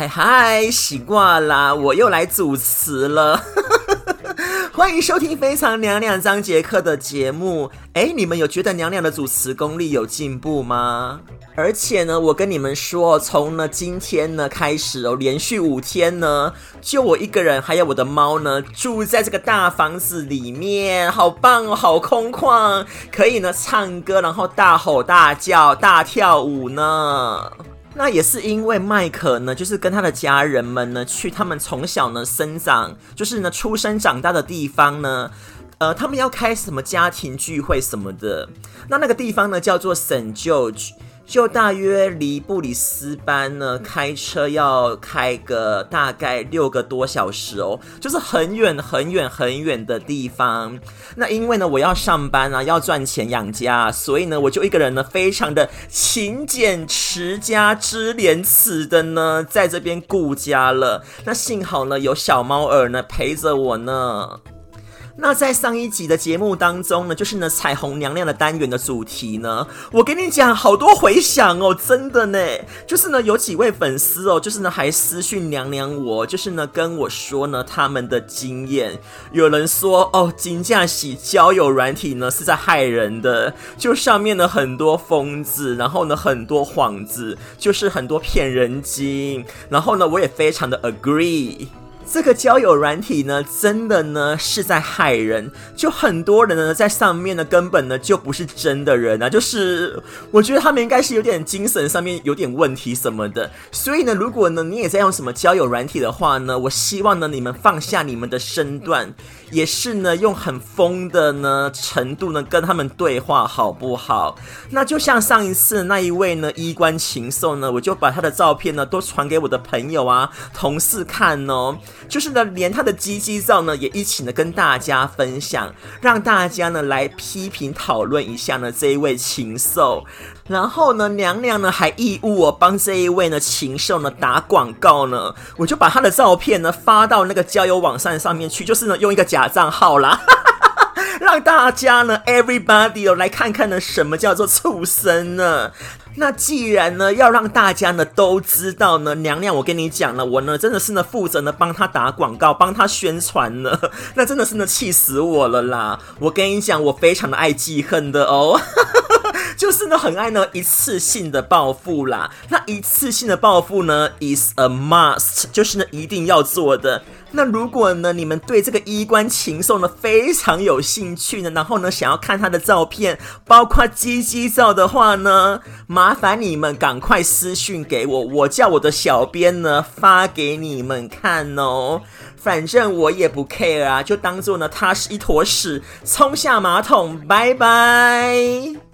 嗨嗨，習慣了，我又來主持了。 歡迎收聽非常娘娘張杰克的節目。哎、欸，你們有覺得娘娘的主持功力有進步嗎？而且呢，我跟你們說，從呢今天呢開始哦，連續五天呢，就我一個人還有我的貓呢，住在這個大房子裡面，好棒哦，好空曠，可以呢唱歌，然後大吼大叫，大跳舞呢。那也是因為麥克呢，就是跟他的家人們呢，去他們從小呢生長，就是呢出生長大的地方呢，呃，他們要開什麼家庭聚會什麼的，那那個地方呢叫做聖喬就大約離布里斯班呢，開車要開個大概六個多小時哦，就是很遠很遠很遠的地方。那因為呢，我要上班啊，要賺錢養家啊，所以呢，我就一個人呢，非常的勤儉持家，知廉恥的呢，在這邊顧家了。那幸好呢，有小貓兒呢陪着我呢。那在上一集的節目當中呢，就是呢彩虹娘娘的單元的主題呢，我跟你講好多回響哦，真的呢，就是呢有幾位粉絲哦，就是呢還私訊娘娘我，就是呢跟我說呢他們的經驗，有人說哦金價喜交友軟體呢是在害人的，就上面呢很多瘋子，然後呢很多幌子，就是很多騙人精，然後呢我也非常的 agree。這個交友軟體呢，真的呢是在害人。就很多人呢，在上面呢，根本呢就不是真的人啊。就是我覺得他們應該是有點精神上面有點問題什麼的。所以呢，如果呢你也在用什麼交友軟體的話呢，我希望呢你們放下你們的身段，也是呢用很瘋的呢程度呢跟他們對話好不好？那就像上一次那一位呢衣冠禽獸呢，我就把他的照片呢都傳給我的朋友啊、同事看哦。就是呢，連他的雞雞照呢也一起呢跟大家分享，讓大家呢來批評討論一下呢這一位禽獸。然後呢，娘娘呢還義務我幫這一位呢禽獸呢打廣告呢，我就把他的照片呢發到那個交友網站上面去，就是呢用一個假賬號啦， 讓大家呢 everybody、哦、來看看呢什麼叫做畜生呢。那既然呢，要讓大家呢都知道呢，娘娘，我跟你講了，我呢真的是呢負責呢幫他打廣告，幫他宣傳呢，那真的是呢氣死我了啦！我跟你講，我非常的愛記恨的哦，哈哈哈，就是呢很愛呢一次性的報復啦。那一次性的報復呢，is a must，就是呢一定要做的。那如果呢，你們對這個衣冠禽獸呢非常有興趣呢，然後呢想要看他的照片，包括雞雞照的話呢，麻煩你們趕快私訊給我，我叫我的小編呢發給你們看哦。反正我也不 care 啊，就當做呢他是一坨屎，沖下馬桶，拜拜。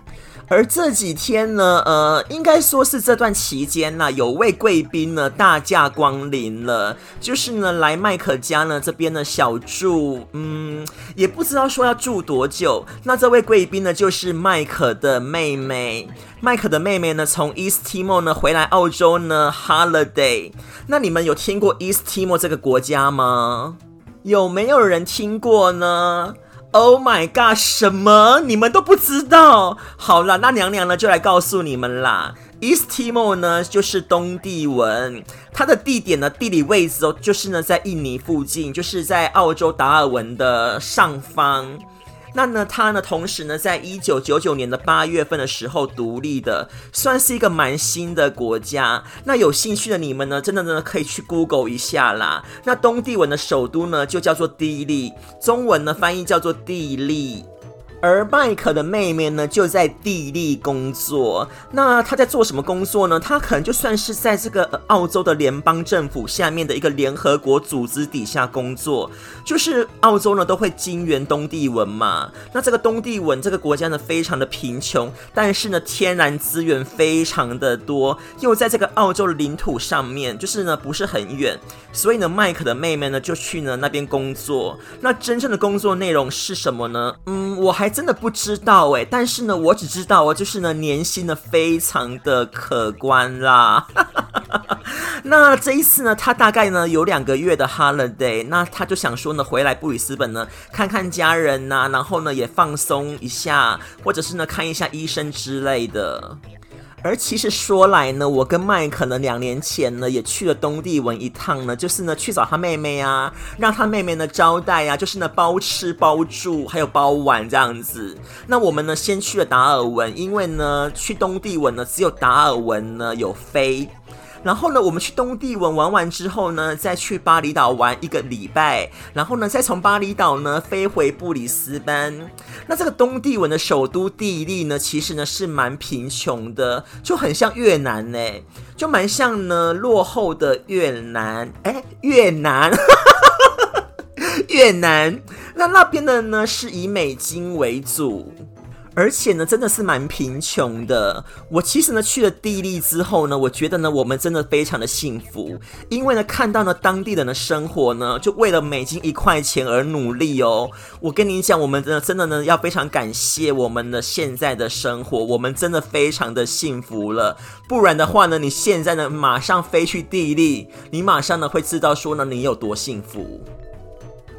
而這幾天呢，呃，應該說是這段期間啦。有位貴賓呢大駕光臨了，就是呢來麥克家呢這邊呢小住，嗯，也不知道說要住多久。那這位貴賓呢就是麥克的妹妹，麥克的妹妹呢從 East Timor 呢回來澳洲呢 holiday。那你們有聽過 East Timor 這個國家嗎？有沒有人聽過呢？Oh my god！什麼？你們都不知道？好啦，那娘娘呢就來告訴你們啦。East Timor 呢就是東帝汶，它的地點呢地理位置哦，就是呢在印尼附近，就是在澳洲達爾文的上方。那呢，它呢，同時呢，在一九九九年的八月份的時候獨立的，算是一個蠻新的國家。那有興趣的你們呢，真的呢可以去 Google 一下啦。那東帝汶的首都呢，就叫做帝力；中文呢翻譯叫做帝力。而麥克的妹妹呢，就在地利工作。那她在做什麼工作呢？她可能就算是在這個澳洲的聯邦政府下面的一個聯合國組織底下工作。就是澳洲呢都會金援東帝汶嘛。那這個東帝汶這個國家呢非常的貧窮，但是呢天然資源非常的多，又在這個澳洲的領土上面，就是呢不是很遠。所以呢，麥克的妹妹呢就去呢那邊工作。那真正的工作內容是什麼呢？嗯，我還。真的不知道哎、欸，但是呢，我只知道哦，就是呢，年薪呢非常的可觀啦。 那這一次呢，他大概呢有兩個月的 holiday，那他就想說呢，回來布里斯本呢，看看家人吶、啊，然後呢也放鬆一下，或者是呢看一下醫生之類的。而其實說來呢，我跟麥克呢兩年前呢也去了東帝汶一趟呢，就是呢去找他妹妹啊，讓他妹妹呢招待啊，就是呢包吃包住還有包玩這樣子。那我們呢先去了達爾文，因為呢去東帝汶呢只有達爾文呢有飛。然後呢，我們去東帝汶玩完之後呢，再去巴厘島玩一個禮拜，然後呢，再從巴厘島呢飛回布里斯班。那這個東帝汶的首都帝力呢，其實呢是蠻貧窮的，就很像越南嘞、欸，就蠻像呢落後的越南，誒越南， 越南。那那邊的呢是以美金為主。而且呢，真的是蠻貧窮的。我其實呢去了地利之後呢，我覺得呢我們真的非常的幸福，因為呢看到呢當地人的生活呢，就為了美金一塊錢而努力哦。我跟你講，我們真的真的呢要非常感謝我們的現在的生活，我們真的非常的幸福了。不然的話呢，你現在呢馬上飛去地利，你馬上呢會知道說呢你有多幸福。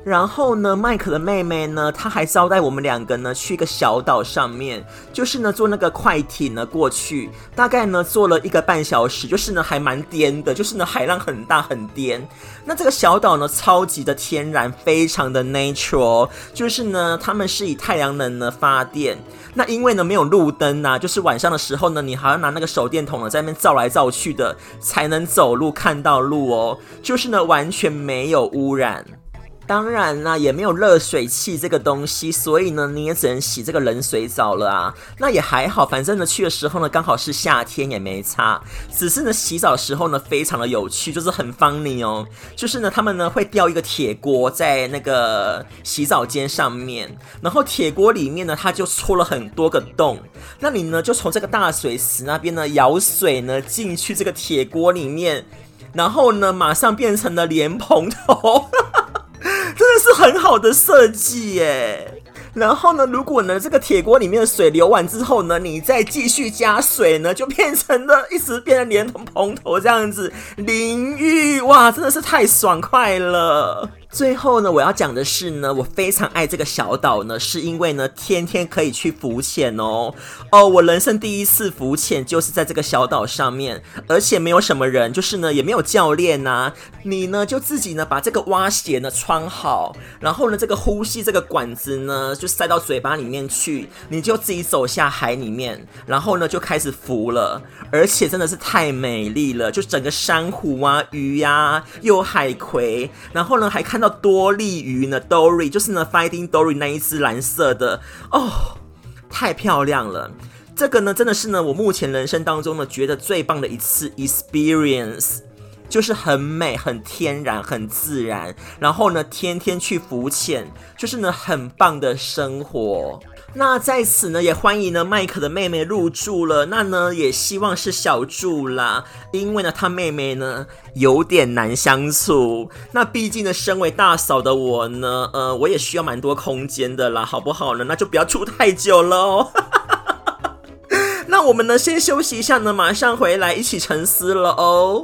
然後呢，麥克的妹妹呢，她還招待我們兩個呢，去一個小島上面，就是呢坐那個快艇呢過去，大概呢坐了一個半小時，就是呢還蠻顛的，就是呢海浪很大很顛。那這個小島呢，超級的天然，非常的 natural，就是呢他們是以太陽能呢發電。那因為呢沒有路燈啊，就是晚上的時候呢，你還要拿那個手電筒呢在那邊照來照去的，才能走路看到路哦，就是呢完全沒有污染。當然啦，也沒有熱水器這個東西，所以呢，你也只能洗這個冷水澡了啊。那也還好，反正呢去的時候呢剛好是夏天，也沒差。只是呢洗澡的時候呢非常的有趣，就是很 funny 哦。就是呢他們呢會吊一個鐵鍋在那個洗澡間上面，然後鐵鍋裡面呢它就戳了很多個洞，那你呢就從這個大水池那邊呢舀水呢進去這個鐵鍋裡面，然後呢馬上變成了蓮蓬頭。 是很好的設計耶，然後呢，如果呢這個鐵鍋裡面的水流完之後呢，你再繼續加水呢，就變成了一直變成蓮蓬頭這樣子淋浴，哇，真的是太爽快了。最後呢，我要講的是呢，我非常愛這個小島呢，是因為呢，天天可以去浮潛哦。哦，我人生第一次浮潛就是在這個小島上面，而且沒有什麼人，就是呢也沒有教練吶。你呢就自己呢把這個蛙鞋呢穿好，然後呢這個呼吸這個管子呢就塞到嘴巴裡面去，你就自己走下海裡面，然後呢就開始浮了。而且真的是太美麗了，就整個珊瑚啊、魚呀，有海葵，然後呢還看到。多利魚呢，Dory，就是呢，Finding Dory 那一隻藍色的哦，oh, 太漂亮了。這個呢，真的是呢，我目前人生當中呢，覺得最棒的一次 experience，就是很美、很天然、很自然。然後呢，天天去浮潛，就是呢，很棒的生活。那在此呢，也歡迎呢，麥克的妹妹入住了。那呢，也希望是小住啦，因為呢，他妹妹呢有點難相處。那畢竟呢，身為大嫂的我呢，呃，我也需要蠻多空間的啦，好不好呢？那就不要住太久咯。 那我們呢，先休息一下呢，馬上回來一起沉思了哦。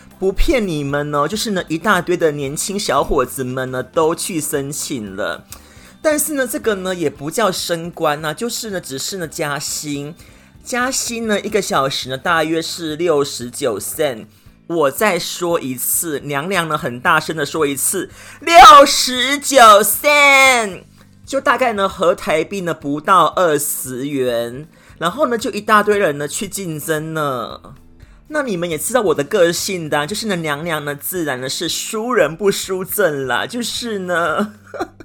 不騙你們哦，就是呢，一大堆的年輕小伙子們呢都去申請了，但是呢這個呢也不叫升官啊，就是呢只是呢加薪，加薪呢一個小時呢大約是六十九 cent，我再說一次，娘娘呢很大聲的說一次六十九 cent，就大概呢合台幣呢不到二十元，然後呢就一大堆人呢去競爭呢。那你們也知道我的個性的啊，就是呢，娘娘呢，自然呢是輸人不輸陣啦，就是呢，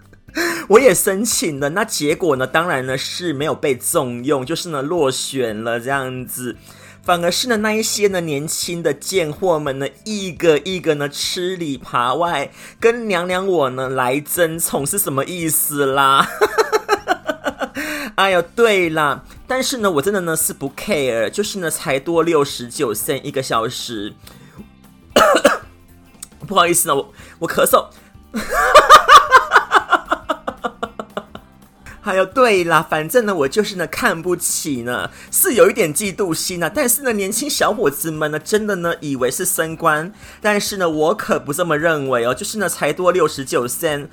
我也申請了，那結果呢，當然呢是沒有被重用，就是呢落選了這樣子，反而是呢那一些呢年輕的賤貨們呢，一個一個呢吃裡扒外，跟娘娘我呢來爭寵是什麼意思啦？ 哎呦，對啦。但是呢，我真的呢是不 care，就是呢才多六十九 cent，一個小時， 不好意思呢、啊，我我咳嗽。 還有，對啦，反正呢我就是呢看不起呢，是有一點嫉妒心呢、啊，但是呢年輕小伙子們呢真的呢以為是升官，但是呢我可不這麼認為哦，就是呢才多六十九 cent。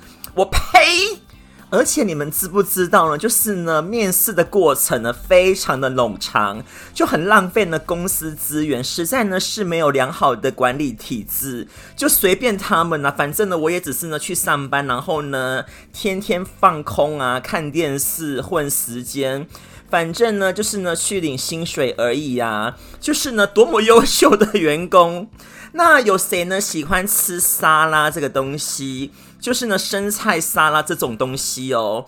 而且你們知不知道呢？就是呢，面試的過程呢，非常的冗長，就很浪費呢公司資源，實在呢是沒有良好的管理體制，就隨便他們啦、啊。反正呢，我也只是呢去上班，然後呢，天天放空啊，看電視混時間，反正呢就是呢去領薪水而已啊。就是呢，多麼優秀的員工。那有誰呢喜歡吃沙拉這個東西？就是呢，生菜沙拉這種東西哦。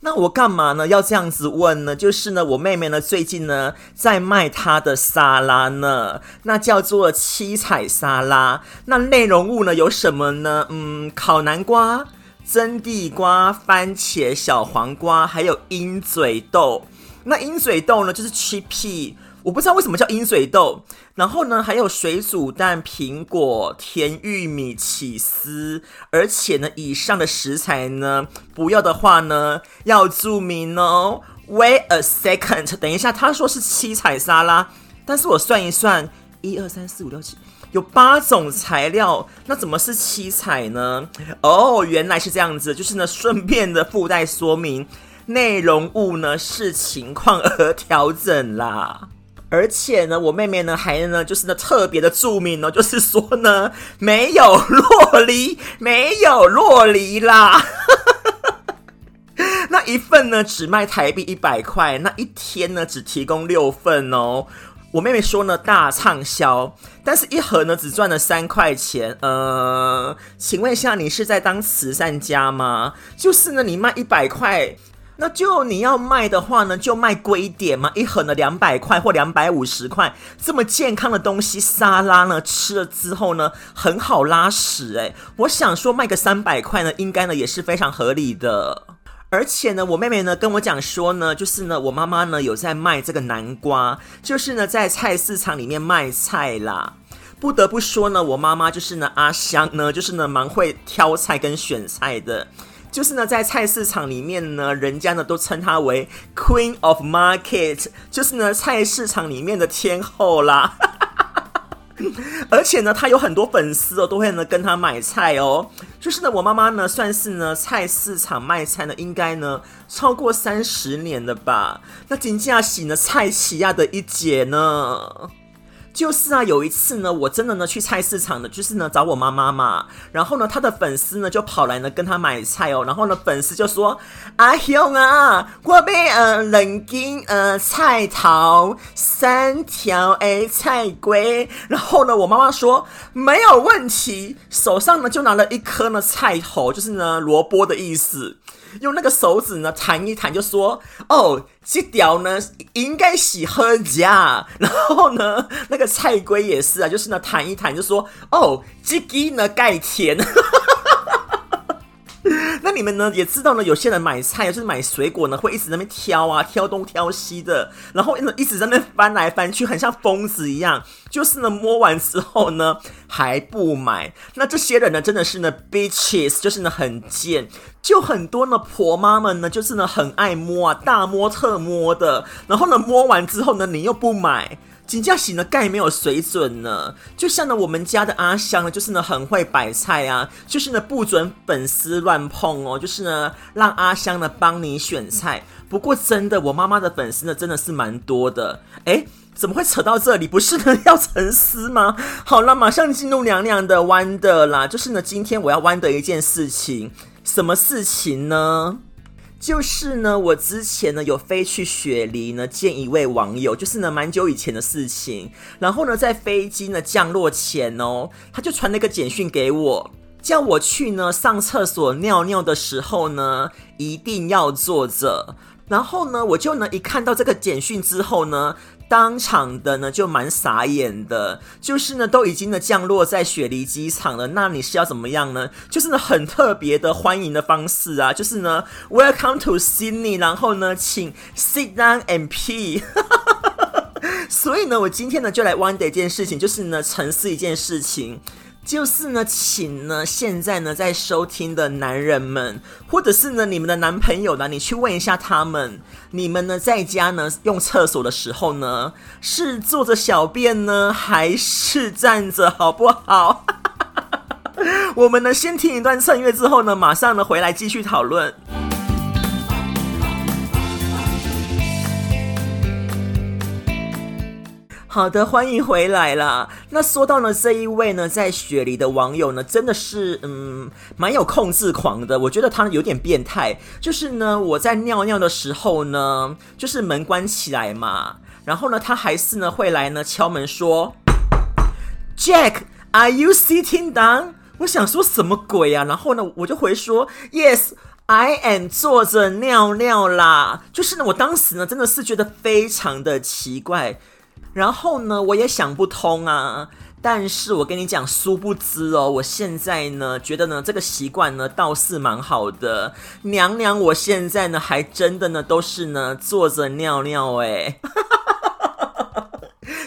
那我幹嘛呢？要這樣子問呢？就是呢，我妹妹呢最近呢在賣她的沙拉呢，那叫做七彩沙拉。那內容物呢有什麼呢？嗯，烤南瓜、蒸地瓜、番茄、小黃瓜，還有鷹嘴豆。那鷹嘴豆呢，就是 chickpea。我不知道為什麼叫鷹嘴豆，然後呢，還有水煮蛋、蘋果、甜玉米、起司，而且呢，以上的食材呢，不要的話呢，要注明哦。Wait a second，等一下，他說是七彩沙拉，但是我算一算，一二三四五六七，有八種材料，那怎麼是七彩呢？哦、oh，原來是這樣子，就是呢，順便的附帶說明，內容物呢視情況而調整啦。而且呢，我妹妹呢還呢，就是呢特別的著名哦，就是說呢，沒有酪梨，沒有酪梨啦。 那一份呢只賣台幣一百塊，那一天呢只提供六份哦。我妹妹說呢大暢銷，但是一盒呢只賺了三塊錢。呃，請問一下，你是在當慈善家嗎？就是呢，你賣一百塊。那就你要賣的話呢，就賣貴一點嘛，一盒呢兩百塊或兩百五十塊。這麼健康的東西沙拉呢，吃了之後呢，很好拉屎誒、欸。我想說賣個三百塊呢，應該呢也是非常合理的。而且呢，我妹妹呢跟我講說呢，就是呢，我媽媽呢有在賣這個南瓜，就是呢在菜市場裡面賣菜啦。不得不說呢，我媽媽就是呢阿香呢，就是呢蠻會挑菜跟選菜的。就是呢，在菜市場裡面呢，人家呢都稱她為 Queen of Market，就是呢菜市場裡面的天后啦。 而且呢，她有很多粉絲哦，都會呢跟她買菜哦。就是呢，我媽媽呢算是呢菜市場賣菜呢，應該呢超過三十年了吧。那金吉喜呢，蔡奇亞的一姐呢。就是啊，有一次呢，我真的呢去菜市場的，就是呢找我媽媽嘛。然後呢，她的粉絲呢就跑來呢跟她買菜哦。然後呢，粉絲就說：“阿、啊、兄啊，我買呃兩斤呃菜頭三條誒菜龜。”然後呢，我媽媽說沒有問題，手上呢就拿了一顆呢菜頭，就是呢蘿蔔的意思。用那個手指呢彈一彈，就說哦，這屌呢應該喜喝很久。然後呢，那個菜龜也是啊，就是呢彈一彈，就說哦，這雞呢蓋甜。 那你們呢也知道呢，有些人買菜，就是買水果呢，會一直在那邊挑啊，挑東挑西的，然後呢一直在那邊翻來翻去，很像瘋子一樣。就是呢摸完之後呢還不買。那這些人呢真的是呢 bitches， 就是呢很賤。就很多呢，婆媽們呢，就是呢很愛摸啊，大摸特摸的，然後呢摸完之後呢，你又不買，警家洗呢，概沒有水準呢。就像呢我們家的阿香呢，就是呢很會擺菜啊，就是呢不准粉絲亂碰哦，就是呢讓阿香呢幫你選菜。不過真的，我媽媽的粉絲呢真的是蠻多的。哎，怎麼會扯到這裡？不是呢，要沉思嗎？好啦，馬上進入娘娘的 Wonderland，就是呢今天我要 wonder 一件事情。什麼事情呢？就是呢，我之前呢有飛去雪梨呢見一位網友，就是呢蠻久以前的事情。然後呢，在飛機呢降落前哦，他就傳了一個簡訊給我，叫我去呢上廁所尿尿的時候呢一定要坐着。然後呢，我就呢一看到這個簡訊之後呢。當場的呢就蠻傻眼的，就是呢都已經呢降落在雪梨機場了，那你是要怎麼樣呢？就是呢很特別的歡迎的方式啊，就是呢 Welcome to Sydney，然後呢請 sit down and pee。 所以呢，我今天呢就來 wonder 一件事情，就是呢沉思一件事情。就是呢，請呢現在呢在收聽的男人們，或者是呢你們的男朋友呢，你去問一下他們，你們呢在家呢用廁所的時候呢，是坐着小便呢，還是站着，好不好？ 我們呢先聽一段音樂之後呢，馬上呢回來繼續討論。好的，歡迎回來啦。那說到呢，這一位呢，在雪梨的網友呢，真的是嗯，蠻有控制狂的。我覺得他有點變態。就是呢，我在尿尿的時候呢，就是門關起來嘛，然後呢，他還是呢會來呢敲門說，Jack，are you sitting down？我想說什麼鬼啊？然後呢，我就回說，Yes，I am 坐着尿尿啦。就是呢，我當時呢，真的是覺得非常的奇怪。然後呢，我也想不通啊，但是我跟你講，殊不知哦，我現在呢，覺得呢，這個習慣呢，倒是蠻好的，娘娘，我現在呢，還真的呢，都是呢，坐着尿尿，誒，哈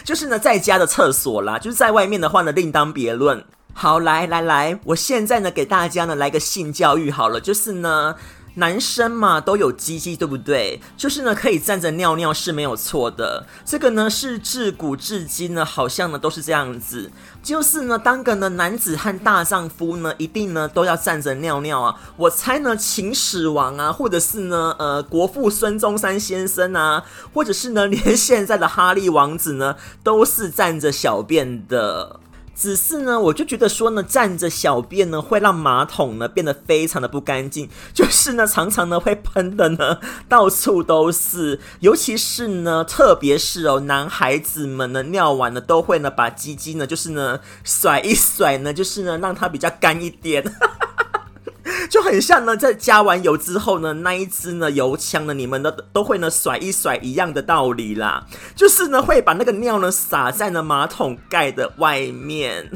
就是呢，在家的廁所啦，就是在外面的話呢，另當別論。好，來來來，我現在呢，給大家呢，來個性教育好了，就是呢。男生嘛都有雞雞，對不對？就是呢，可以站着尿尿是沒有錯的。這個呢是自古至今呢，好像呢都是這樣子。就是呢，當個呢男子漢大丈夫呢，一定呢都要站着尿尿啊！我猜呢，秦始皇啊，或者是呢，呃，國父孫中山先生啊，或者是呢，連現在的哈利王子呢，都是站着小便的。只是呢，我就覺得說呢，站着小便呢，會讓馬桶呢變得非常的不乾淨，就是呢，常常呢會噴的呢，到處都是，尤其是呢，特別是哦，男孩子們呢尿完了，都會呢把雞雞呢，就是呢甩一甩呢，就是呢讓它比較乾一點。 就很像呢，在加完油之後呢，那一支呢油槍呢，你們呢都會呢甩一甩一樣的道理啦，就是呢會把那個尿呢撒在呢馬桶蓋的外面。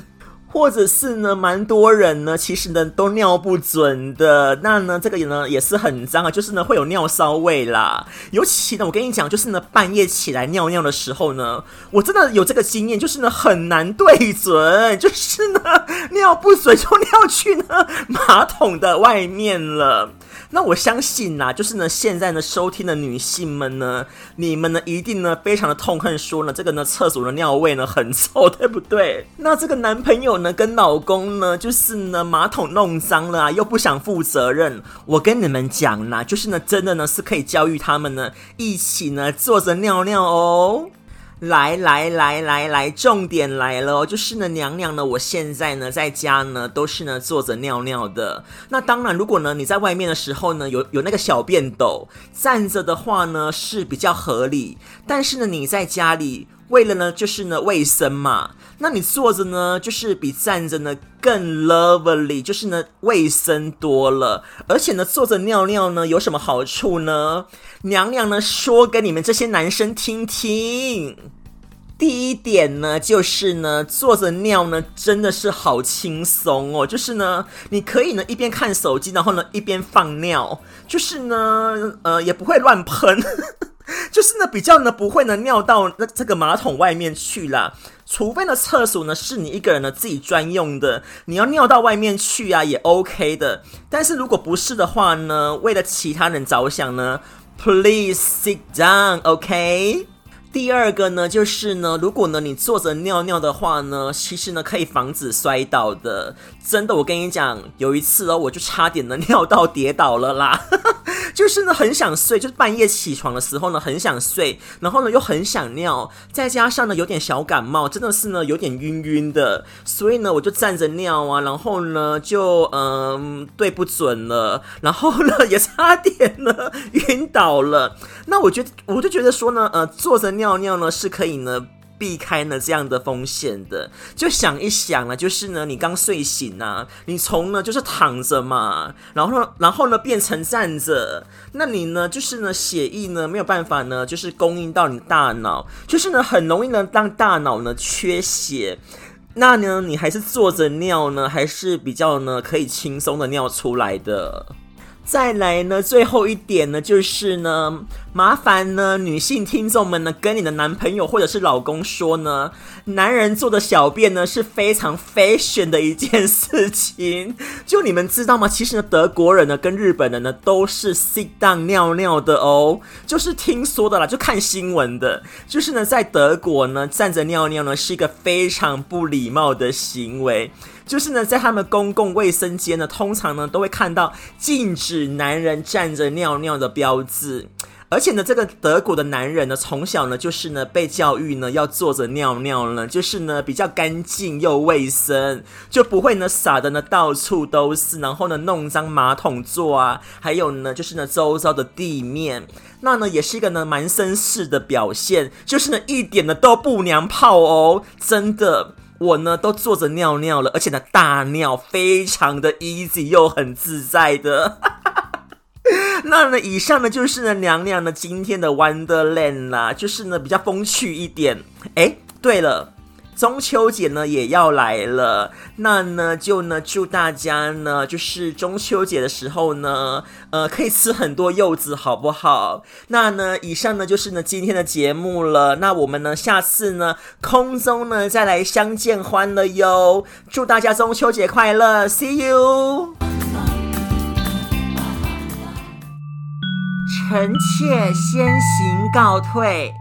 或者是呢，蠻多人呢，其實呢都尿不準的，那呢這個也呢也是很髒啊，就是呢會有尿騷味啦。尤其呢，我跟你講，就是呢半夜起來尿尿的時候呢，我真的有這個經驗，就是呢很難對準，就是呢尿不準就尿去呢馬桶的外面了。那我相信吶，就是呢，現在呢，收聽的女性們呢，你們呢一定呢非常的痛恨說呢，這個呢，廁所的尿味呢很臭，對不對？那這個男朋友呢，跟老公呢，就是呢，馬桶弄髒了啊，又不想負責任。我跟你們講吶，就是呢，真的呢是可以教育他們呢，一起呢坐着尿尿哦。來來來來來，重點來了哦，就是呢，娘娘呢，我現在呢在家呢，都是呢坐着尿尿的。那當然，如果呢你在外面的時候呢，有有那個小便斗站着的話呢是比較合理，但是呢你在家裡。為了呢，就是呢衛生嘛。那你坐着呢，就是比站着呢更 lovely，就是呢衛生多了。而且呢，坐着尿尿呢有什麼好處呢？娘娘呢說給你們這些男生聽聽。第一點呢，就是呢坐着尿呢真的是好輕鬆哦，就是呢你可以呢一邊看手機，然後呢一邊放尿，就是呢呃也不會亂噴。 就是呢，比較呢不會呢尿到那這個馬桶外面去啦。除非呢廁所呢是你一個人呢自己專用的，你要尿到外面去啊也 OK 的，但是如果不是的話呢，為了其他人着想呢，Please sit down，OK。第二個呢，就是呢，如果呢你坐着尿尿的話呢，其實呢可以防止摔倒的，真的，我跟你講，有一次哦，我就差點呢尿到跌倒了啦， 就是呢很想睡，就是半夜起床的時候呢很想睡，然後呢又很想尿，再加上呢有點小感冒，真的是呢有點暈暈的，所以呢我就站着尿啊，然後呢就嗯對不準了，然後呢也差點呢暈倒了，那我覺得我就覺得說呢，呃坐着尿。尿尿呢是可以呢避開呢這樣的風險的，就想一想啊，就是呢你剛睡醒啊，你從呢就是躺着嘛，然後然後呢變成站着，那你呢就是呢血液呢沒有辦法呢就是供應到你大腦，就是呢很容易呢讓大腦呢缺血，那呢你還是坐着尿呢，還是比較呢可以輕鬆的尿出來的。再來呢，最後一點呢，就是呢，麻煩呢，女性聽眾們呢，跟你的男朋友或者是老公說呢，男人坐著小便呢是非常 fashion 的一件事情。就你們知道嗎？其實呢，德國人呢跟日本人呢都是 sit down 尿尿的哦，就是聽說的啦，就看新聞的，就是呢，在德國呢站着尿尿呢是一個非常不禮貌的行為。就是呢，在他們公共衛生間呢，通常呢都會看到禁止男人站着尿尿的標誌。而且呢，這個德國的男人呢，從小呢就是呢被教育呢要坐着尿尿呢，就是呢比較乾淨又衛生，就不會呢撒的呢到處都是，然後呢弄髒馬桶座啊，還有呢就是呢周遭的地面。那呢也是一個呢蠻紳士的表現，就是呢一點呢都不娘炮哦，真的。我呢都坐着尿尿了，而且呢大尿非常的 easy 又很自在的。哈哈哈，那呢以上呢就是呢娘娘呢今天的 Wonderland 啦，就是呢比較風趣一點。哎、欸，對了。中秋節呢也要來了，那呢就呢祝大家呢就是中秋節的時候呢，呃可以吃很多柚子，好不好？那呢以上呢就是呢今天的節目了，那我們呢下次呢空中呢再來相見歡樂喲！祝大家中秋節快樂，See you！臣妾先行告退。